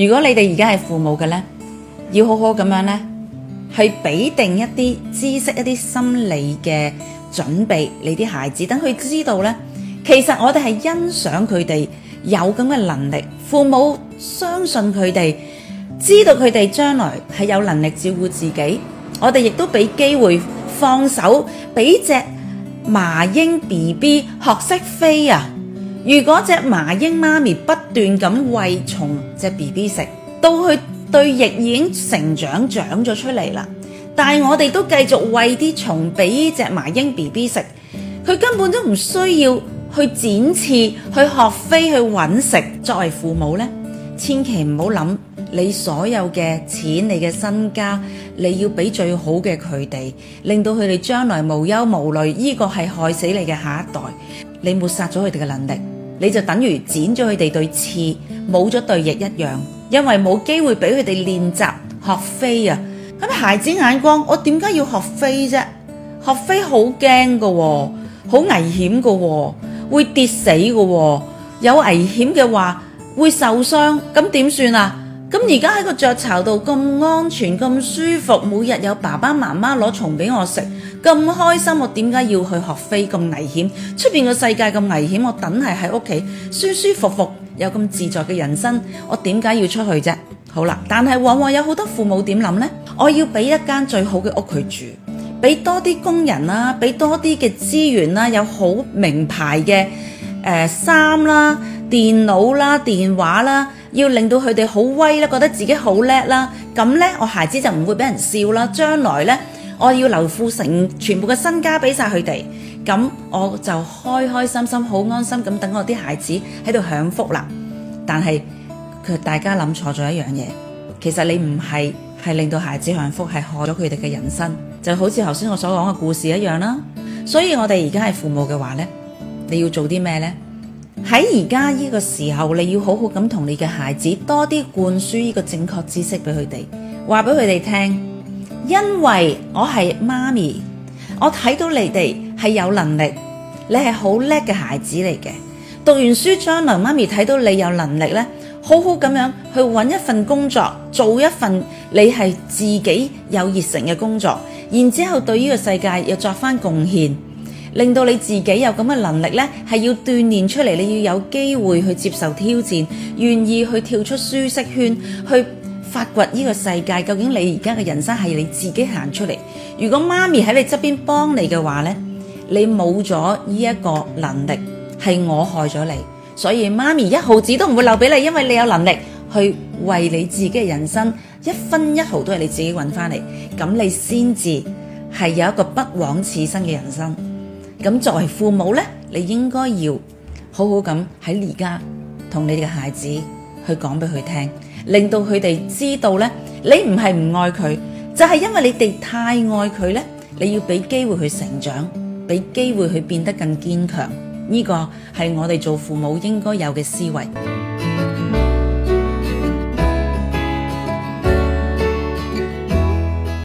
如果你哋而家係父母嘅咧，要好好咁樣咧，去俾定一啲知識、一啲心理嘅準備，你啲孩子，等佢知道咧，其實我哋係欣賞佢哋有咁嘅能力，父母相信佢哋，知道佢哋將來係有能力照顧自己，我哋亦都俾機會放手，俾隻麻鷹 BB 學識飛啊！如果隻麻鷹媽咪不斷咁餵蟲隻 BB 食，到佢對翼已經成長長咗出嚟啦，但係我哋都繼續餵啲蟲俾隻麻鷹 BB 食，佢根本都唔需要去展翅、去學飛、去搵食。作為父母呢，千祈唔好諗你所有嘅錢、你嘅身家，你要俾最好嘅佢哋，令到佢哋將來無憂無慮。呢個係害死你嘅下一代，你抹殺咗佢哋嘅能力。你就等於剪咗佢哋對翅，冇咗對翼一樣，因為冇機會俾佢哋練習學飛啊！咁孩子眼光，我點解要學飛啫？學飛好驚㗎喎，好危險㗎喎，會跌死㗎喎，有危險嘅話會受傷，咁點算啊？咁而家喺個雀巢度咁安全咁舒服，每日有爸爸媽媽攞蟲俾我食，咁開心，我點解要去學飛咁危險？出邊個世界咁危險，我等係喺屋企舒舒服服，有咁自在嘅人生，我點解要出去啫？好啦，但係往往有好多父母點諗呢：我要俾一間最好嘅屋佢住，俾多啲工人啦，俾多啲嘅資源啦，有好名牌嘅誒衫啦、電腦啦、電話啦。要令到佢哋好威啦，覺得自己好叻啦，咁呢，我孩子就唔會俾人笑啦。將來呢，我要留富成全部嘅身家俾晒佢哋，咁我就開開心心、好安心咁等我啲孩子喺度享福啦。但係佢大家諗錯咗一樣嘢，其實你唔係係令到孩子享福，係害咗佢哋嘅人生，就好似頭先我所講嘅故事一樣啦。所以我哋而家係父母嘅話呢，你要做啲咩呢？喺而家呢個時候，你要好好咁同你嘅孩子多啲灌輸呢個正確知識俾佢哋，話俾佢哋聽，因為我係媽咪，我睇到你哋係有能力，你係好叻嘅孩子嚟嘅。讀完書將來，媽咪睇到你有能力咧，好好咁樣去搵一份工作，做一份你係自己有熱誠嘅工作，然之後對呢個世界又作翻貢獻。令到你自己有咁嘅能力咧，係要鍛煉出嚟。你要有機會去接受挑戰，願意去跳出舒適圈，去發掘呢個世界。究竟你而家嘅人生係你自己行出嚟？如果媽咪喺你側邊幫你嘅話咧，你冇咗呢一個能力，係我害咗你。所以媽咪一毫子都唔會留俾你，因為你有能力去為你自己嘅人生，一分一毫都係你自己揾翻嚟。咁你先至係有一個不枉此生嘅人生。咁作為父母咧，你應該要好好咁喺而家同你哋嘅孩子去講俾佢聽，令到佢哋知道咧，你唔係唔愛佢，就係因為你哋太愛佢咧，你要俾機會去成長，俾機會去變得更堅強，呢個係我哋做父母應該有嘅思維。